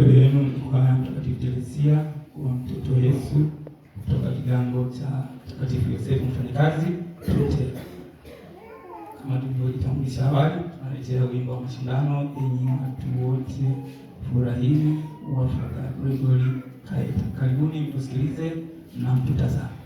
mbele yenu mkoa Mtakatifu Teresia kuwa mtoto Yesu kutoka kigango cha Mtakatifu Yosefu Mfanyakazi. Sote kama tulivyojitambulisha awali, tunaletea wimbo wa mashindano, yenye watu wote furahini wafaka Gregori Kaeta. Karibuni mtusikilize na mtutazame.